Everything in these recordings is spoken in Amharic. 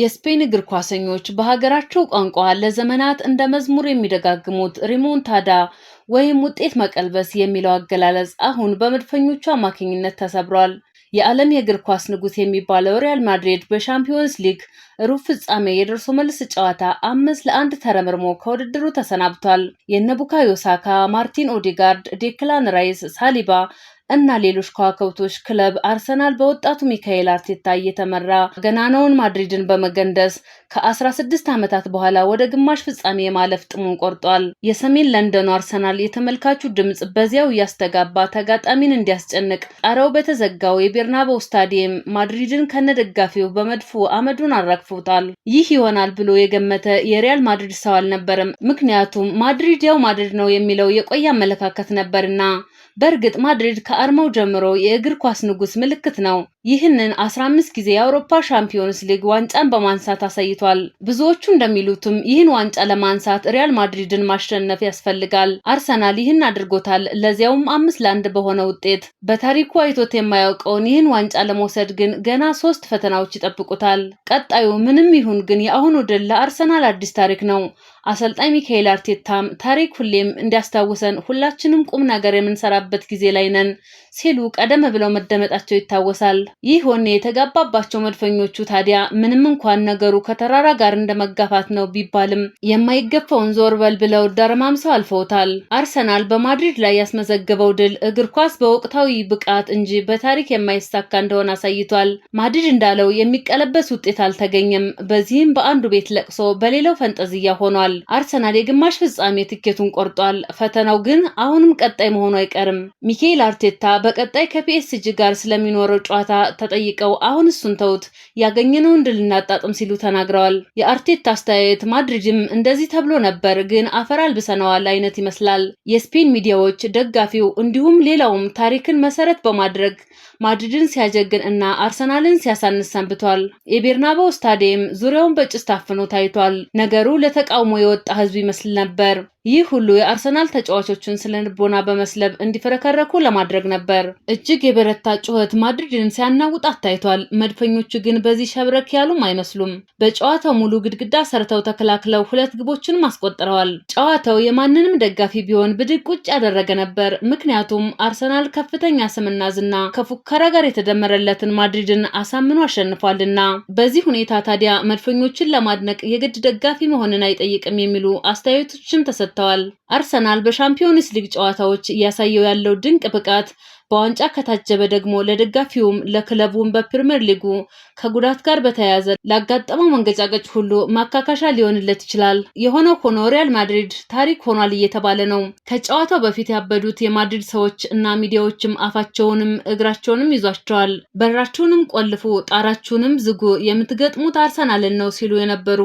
የስፔን እግር ኳሰኞች በሀገራቸው ቋንቋ ለዘመናት እንደ መዝሙር የሚደጋግሙት ሪሞንታዳ ወይም ውጤት መቀልበስ የሚለው አገላለጽ አሁን በመድፈኞቹ አማካኝነት ተሰብሯል። የዓለም የእግር ኳስ ንጉሥ የሚባለው ሪያል ማድሪድ በሻምፒዮንስ ሊግ ሩብ ፍጻሜ የደርሶ መልስ ጨዋታ አምስት ለአንድ ተረምርሞ ከውድድሩ ተሰናብቷል። የነቡካዮ ሳካ፣ ማርቲን ኦዲጋርድ፣ ዴክላን ራይስ፣ ሳሊባ እና ሌሎች ከዋክብቶች ክለብ አርሰናል በወጣቱ ሚካኤል አርቴታ እየተመራ ገናናውን ማድሪድን በመገንደስ ከ16 ዓመታት በኋላ ወደ ግማሽ ፍጻሜ የማለፍ ጥሙን ቆርጧል። የሰሜን ለንደኑ አርሰናል የተመልካቹ ድምፅ በዚያው እያስተጋባ ተጋጣሚን እንዲያስጨንቅ ጣሪያው በተዘጋው የቤርናባው ስታዲየም ማድሪድን ከነደጋፊው በመድፎ አመዱን አራግፎታል። ይህ ይሆናል ብሎ የገመተ የሪያል ማድሪድ ሰው አልነበረም። ምክንያቱም ማድሪድ ያው ማድሪድ ነው የሚለው የቆየ አመለካከት ነበርና በእርግጥ ማድሪድ ከአርማው ጀምሮ የእግር ኳስ ንጉስ ምልክት ነው። ይህንን 15 ጊዜ የአውሮፓ ሻምፒዮንስ ሊግ ዋንጫን በማንሳት አሳይቷል። ብዙዎቹ እንደሚሉትም ይህን ዋንጫ ለማንሳት ሪያል ማድሪድን ማሸነፍ ያስፈልጋል። አርሰናል ይህን አድርጎታል፣ ለዚያውም አምስት ለአንድ በሆነ ውጤት። በታሪኩ አይቶት የማያውቀውን ይህን ዋንጫ ለመውሰድ ግን ገና ሶስት ፈተናዎች ይጠብቁታል። ቀጣዩ ምንም ይሁን ግን የአሁኑ ድል ለአርሰናል አዲስ ታሪክ ነው። አሰልጣኝ ሚካኤል አርቴታም ታሪክ ሁሌም እንዲያስታውሰን ሁላችንም ቁም ነገር የምንሰራበት ጊዜ ላይ ነን ሲሉ ቀደም ብለው መደመጣቸው ይታወሳል። ይህ ወኔ የተጋባባቸው መድፈኞቹ ታዲያ ምንም እንኳን ነገሩ ከተራራ ጋር እንደመጋፋት ነው ቢባልም የማይገፋውን ዞር በል ብለው ዳረማምሰው አልፈውታል። አርሰናል በማድሪድ ላይ ያስመዘገበው ድል እግር ኳስ በወቅታዊ ብቃት እንጂ በታሪክ የማይሳካ እንደሆነ አሳይቷል። ማድሪድ እንዳለው የሚቀለበስ ውጤት አልተገኘም። በዚህም በአንዱ ቤት ለቅሶ በሌላው ፈንጠዝያ ሆኗል። አርሰናል የግማሽ ፍጻሜ ትኬቱን ቆርጧል። ፈተናው ግን አሁንም ቀጣይ መሆኑ አይቀርም። ሚኬል አርቴታ በቀጣይ ከፒኤስጂ ጋር ስለሚኖረው ጨዋታ ተጠይቀው አሁን እሱን ተውት ያገኘነውን ድል እናጣጥም ሲሉ ተናግረዋል። የአርቴታ አስተያየት ማድሪድም እንደዚህ ተብሎ ነበር፣ ግን አፈር አልብሰነዋል አይነት ይመስላል። የስፔን ሚዲያዎች ደጋፊው፣ እንዲሁም ሌላውም ታሪክን መሰረት በማድረግ ማድሪድን ሲያጀግን እና አርሰናልን ሲያሳንስ ሰንብቷል። የቤርናባው ስታዲየም ዙሪያውን በጭስ ታፍኖ ታይቷል። ነገሩ ለተቃውሞ የወጣ ህዝብ ይመስል ነበር። ይህ ሁሉ የአርሰናል ተጫዋቾችን ስለ ልቦና በመስለብ እንዲፈረከረኩ ለማድረግ ነበር። እጅግ የበረታ ጩኸት ማድሪድን ሲያናውጣት ታይቷል። መድፈኞቹ ግን በዚህ ሸብረክ ያሉም አይመስሉም። በጨዋታው ሙሉ ግድግዳ ሰርተው ተከላክለው ሁለት ግቦችንም አስቆጥረዋል። ጨዋታው የማንንም ደጋፊ ቢሆን ብድግ ቁጭ ያደረገ ነበር። ምክንያቱም አርሰናል ከፍተኛ ስምና ዝና ከፉከራ ጋር የተደመረለትን ማድሪድን አሳምኖ አሸንፏልና። በዚህ ሁኔታ ታዲያ መድፈኞችን ለማድነቅ የግድ ደጋፊ መሆንን አይጠይቅም የሚሉ አስተያየቶችም ተሰጥተዋል። መጥተዋል። አርሰናል በሻምፒዮንስ ሊግ ጨዋታዎች እያሳየው ያለው ድንቅ ብቃት በዋንጫ ከታጀበ ደግሞ ለደጋፊውም ለክለቡም በፕሪምየር ሊጉ ከጉዳት ጋር በተያያዘ ላጋጠመው መንገጫገጭ ሁሉ ማካካሻ ሊሆንለት ይችላል። የሆነው ሆኖ ሪያል ማድሪድ ታሪክ ሆኗል እየተባለ ነው። ከጨዋታው በፊት ያበዱት የማድሪድ ሰዎች እና ሚዲያዎችም አፋቸውንም እግራቸውንም ይዟቸዋል። በራችሁንም ቆልፉ፣ ጣራችሁንም ዝጉ፣ የምትገጥሙት አርሰናልን ነው ሲሉ የነበሩ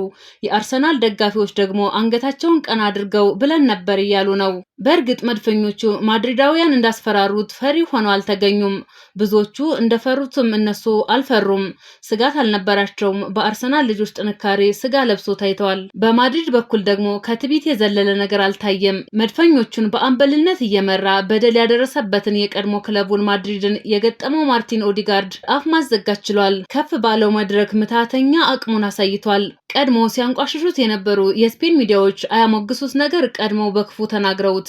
የአርሰናል ደጋፊዎች ደግሞ አንገታቸውን ቀና አድርገው ብለን ነበር እያሉ ነው። በእርግጥ መድፈኞቹ ማድሪዳውያን እንዳስፈራሩት ፈሪ ሆነው አልተገኙም። ብዙዎቹ እንደፈሩትም እነሱ አልፈሩም፣ ስጋት አልነበራቸውም። በአርሰናል ልጆች ጥንካሬ ስጋ ለብሶ ታይተዋል። በማድሪድ በኩል ደግሞ ከትቢት የዘለለ ነገር አልታየም። መድፈኞቹን በአምበልነት እየመራ በደል ያደረሰበትን የቀድሞ ክለቡን ማድሪድን የገጠመው ማርቲን ኦዲጋርድ አፍ ማዘጋት ችሏል። ከፍ ባለው መድረክ ምታተኛ አቅሙን አሳይቷል። ቀድሞ ሲያንቋሽሹት የነበሩ የስፔን ሚዲያዎች አያሞግሱት ነገር ቀድሞ በክፉ ተናግረውት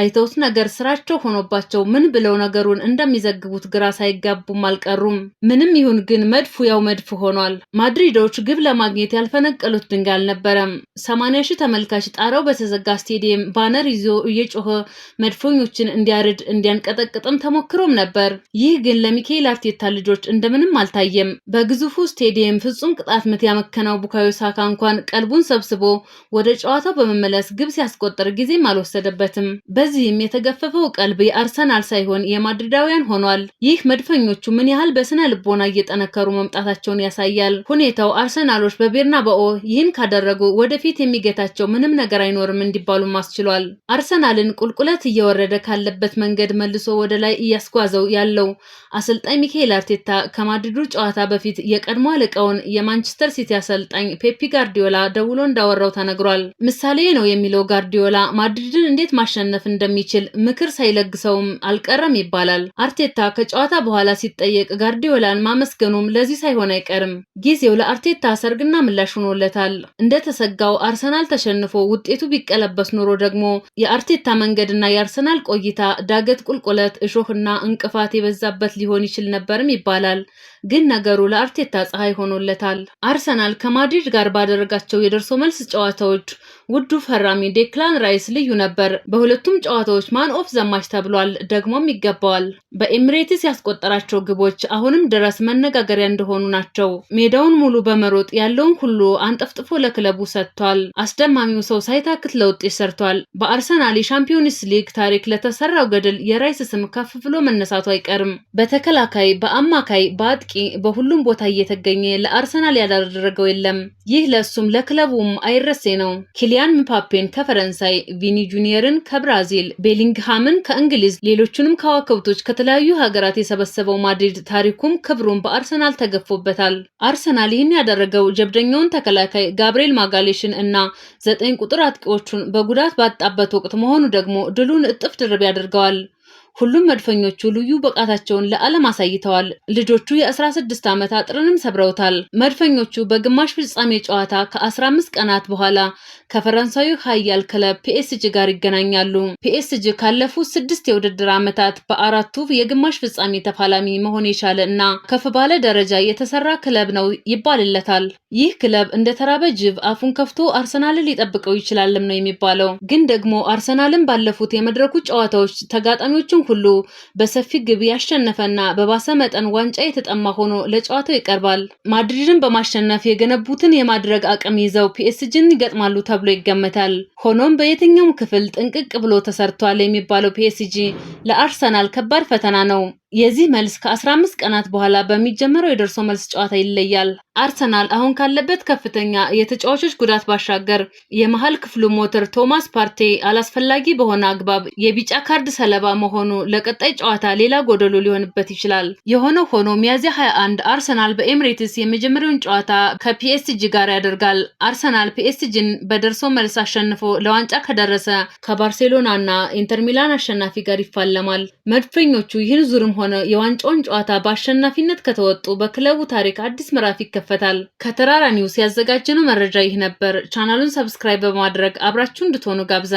አይተውት ነገር ስራቸው ሆኖባቸው ምን ብለው ነገሩን እንደሚዘግቡት ግራ ሳይጋቡም አልቀሩም። ምንም ይሁን ግን መድፉ ያው መድፍ ሆኗል። ማድሪዶች ግብ ለማግኘት ያልፈነቀሉት ድንጋይ አልነበረም። 80 ሺህ ተመልካች ጣራው በተዘጋ ስቴዲየም ባነር ይዞ እየጮኸ መድፈኞችን እንዲያርድ እንዲያንቀጠቅጥም ተሞክሮም ነበር። ይህ ግን ለሚካኤል አርቴታ ልጆች እንደምንም አልታየም። በግዙፉ ስቴዲየም ፍጹም ቅጣት ምት ያመከነው ቡካዮ ሳካ እንኳን ቀልቡን ሰብስቦ ወደ ጨዋታው በመመለስ ግብ ሲያስቆጠር ጊዜም አልወሰደበትም። በዚህም የተገፈፈው ቀልብ የአርሰናል ሳይሆን የማድሪዳውያን ሆኗል። ይህ መድፈኞቹ ምን ያህል በስነ ልቦና እየጠነከሩ መምጣታቸውን ያሳያል። ሁኔታው አርሰናሎች በቤርናባኦ ይህን ካደረጉ ወደፊት የሚገታቸው ምንም ነገር አይኖርም እንዲባሉም አስችሏል። አርሰናልን ቁልቁለት እየወረደ ካለበት መንገድ መልሶ ወደ ላይ እያስጓዘው ያለው አሰልጣኝ ሚካኤል አርቴታ ከማድሪዱ ጨዋታ በፊት የቀድሞ አለቃውን የማንቸስተር ሲቲ አሰልጣኝ ፔፒ ጋርዲዮላ ደውሎ እንዳወራው ተነግሯል። ምሳሌ ነው የሚለው ጋርዲዮላ ማድሪድን እንዴት ማሸነፍ እንደሚችል ምክር ሳይለግሰውም አልቀረም ይባላል። አርቴታ ከጨዋታ በኋላ ሲጠየቅ ጋርዲዮላን ማመስገኑም ለዚህ ሳይሆን አይቀርም። ጊዜው ለአርቴታ ሰርግና ምላሽ ሆኖለታል። እንደተሰጋው አርሰናል ተሸንፎ ውጤቱ ቢቀለበስ ኖሮ ደግሞ የአርቴታ መንገድና የአርሰናል ቆይታ ዳገት፣ ቁልቁለት፣ እሾህና እንቅፋት የበዛበት ሊሆን ይችል ነበርም ይባላል። ግን ነገሩ ለአርቴታ ፀሐይ ሆኖለታል። አርሰናል ከማድሪድ ጋር ባደረጋቸው የደርሶ መልስ ጨዋታዎች ውዱ ፈራሚ ዴክላን ራይስ ልዩ ነበር። በሁለቱም ጨዋታዎች ማን ኦፍ ዘማች ተብሏል። ደግሞም ይገባዋል። በኤሚሬትስ ያስቆጠራቸው ግቦች አሁንም ድረስ መነጋገሪያ እንደሆኑ ናቸው። ሜዳውን ሙሉ በመሮጥ ያለውን ሁሉ አንጠፍጥፎ ለክለቡ ሰጥቷል። አስደማሚው ሰው ሳይታክት ለውጤት ሰርቷል። በአርሰናል የሻምፒዮንስ ሊግ ታሪክ ለተሰራው ገድል የራይስ ስም ከፍ ብሎ መነሳቱ አይቀርም። በተከላካይ፣ በአማካይ፣ በአጥቂ በሁሉም ቦታ እየተገኘ ለአርሰናል ያላደረገው የለም። ይህ ለእሱም ለክለቡም አይረሴ ነው። ኪሊያን ምፓፔን ከፈረንሳይ ቪኒ ጁኒየርን ከብራዚል ብራዚል ቤሊንግሃምን ከእንግሊዝ ሌሎቹንም ከዋከብቶች ከተለያዩ ሀገራት የሰበሰበው ማድሪድ ታሪኩም ክብሩን በአርሰናል ተገፎበታል። አርሰናል ይህን ያደረገው ጀብደኛውን ተከላካይ ጋብርኤል ማጋሌሽን እና ዘጠኝ ቁጥር አጥቂዎቹን በጉዳት ባጣበት ወቅት መሆኑ ደግሞ ድሉን እጥፍ ድርብ ያደርገዋል። ሁሉም መድፈኞቹ ልዩ ብቃታቸውን ለዓለም አሳይተዋል። ልጆቹ የ16 ዓመት አጥርንም ሰብረውታል። መድፈኞቹ በግማሽ ፍጻሜ ጨዋታ ከ15 ቀናት በኋላ ከፈረንሳዊ ኃያል ክለብ ፒኤስጂ ጋር ይገናኛሉ። ፒኤስጂ ካለፉት ስድስት የውድድር ዓመታት በአራቱ የግማሽ ፍጻሜ ተፋላሚ መሆን የቻለ እና ከፍ ባለ ደረጃ የተሰራ ክለብ ነው ይባልለታል። ይህ ክለብ እንደ ተራበ ጅብ አፉን ከፍቶ አርሰናልን ሊጠብቀው ይችላልም ነው የሚባለው። ግን ደግሞ አርሰናልን ባለፉት የመድረኩ ጨዋታዎች ተጋጣሚዎቹን ቡድን ሁሉ በሰፊ ግብ ያሸነፈና በባሰ መጠን ዋንጫ የተጠማ ሆኖ ለጨዋታው ይቀርባል። ማድሪድን በማሸነፍ የገነቡትን የማድረግ አቅም ይዘው ፒኤስጂን ይገጥማሉ ተብሎ ይገመታል። ሆኖም በየትኛውም ክፍል ጥንቅቅ ብሎ ተሰርቷል የሚባለው ፒኤስጂ ለአርሰናል ከባድ ፈተና ነው። የዚህ መልስ ከ15 ቀናት በኋላ በሚጀመረው የደርሶ መልስ ጨዋታ ይለያል። አርሰናል አሁን ካለበት ከፍተኛ የተጫዋቾች ጉዳት ባሻገር የመሃል ክፍሉ ሞተር ቶማስ ፓርቴ አላስፈላጊ በሆነ አግባብ የቢጫ ካርድ ሰለባ መሆኑ ለቀጣይ ጨዋታ ሌላ ጎደሎ ሊሆንበት ይችላል። የሆነ ሆኖ ሚያዝያ 21 አርሰናል በኤምሬትስ የመጀመሪያውን ጨዋታ ከፒኤስጂ ጋር ያደርጋል። አርሰናል ፒኤስጂን በደርሶ መልስ አሸንፎ ለዋንጫ ከደረሰ ከባርሴሎና እና ኢንተር ሚላን አሸናፊ ጋር ይፋለማል። መድፈኞቹ ይህን ዙርም ሆነ የዋንጫውን ጨዋታ በአሸናፊነት ከተወጡ በክለቡ ታሪክ አዲስ ምዕራፍ ይከፈታል። ከተራራ ኒውስ ያዘጋጀነው መረጃ ይህ ነበር። ቻናሉን ሰብስክራይብ በማድረግ አብራችሁ እንድትሆኑ ጋብዘናል።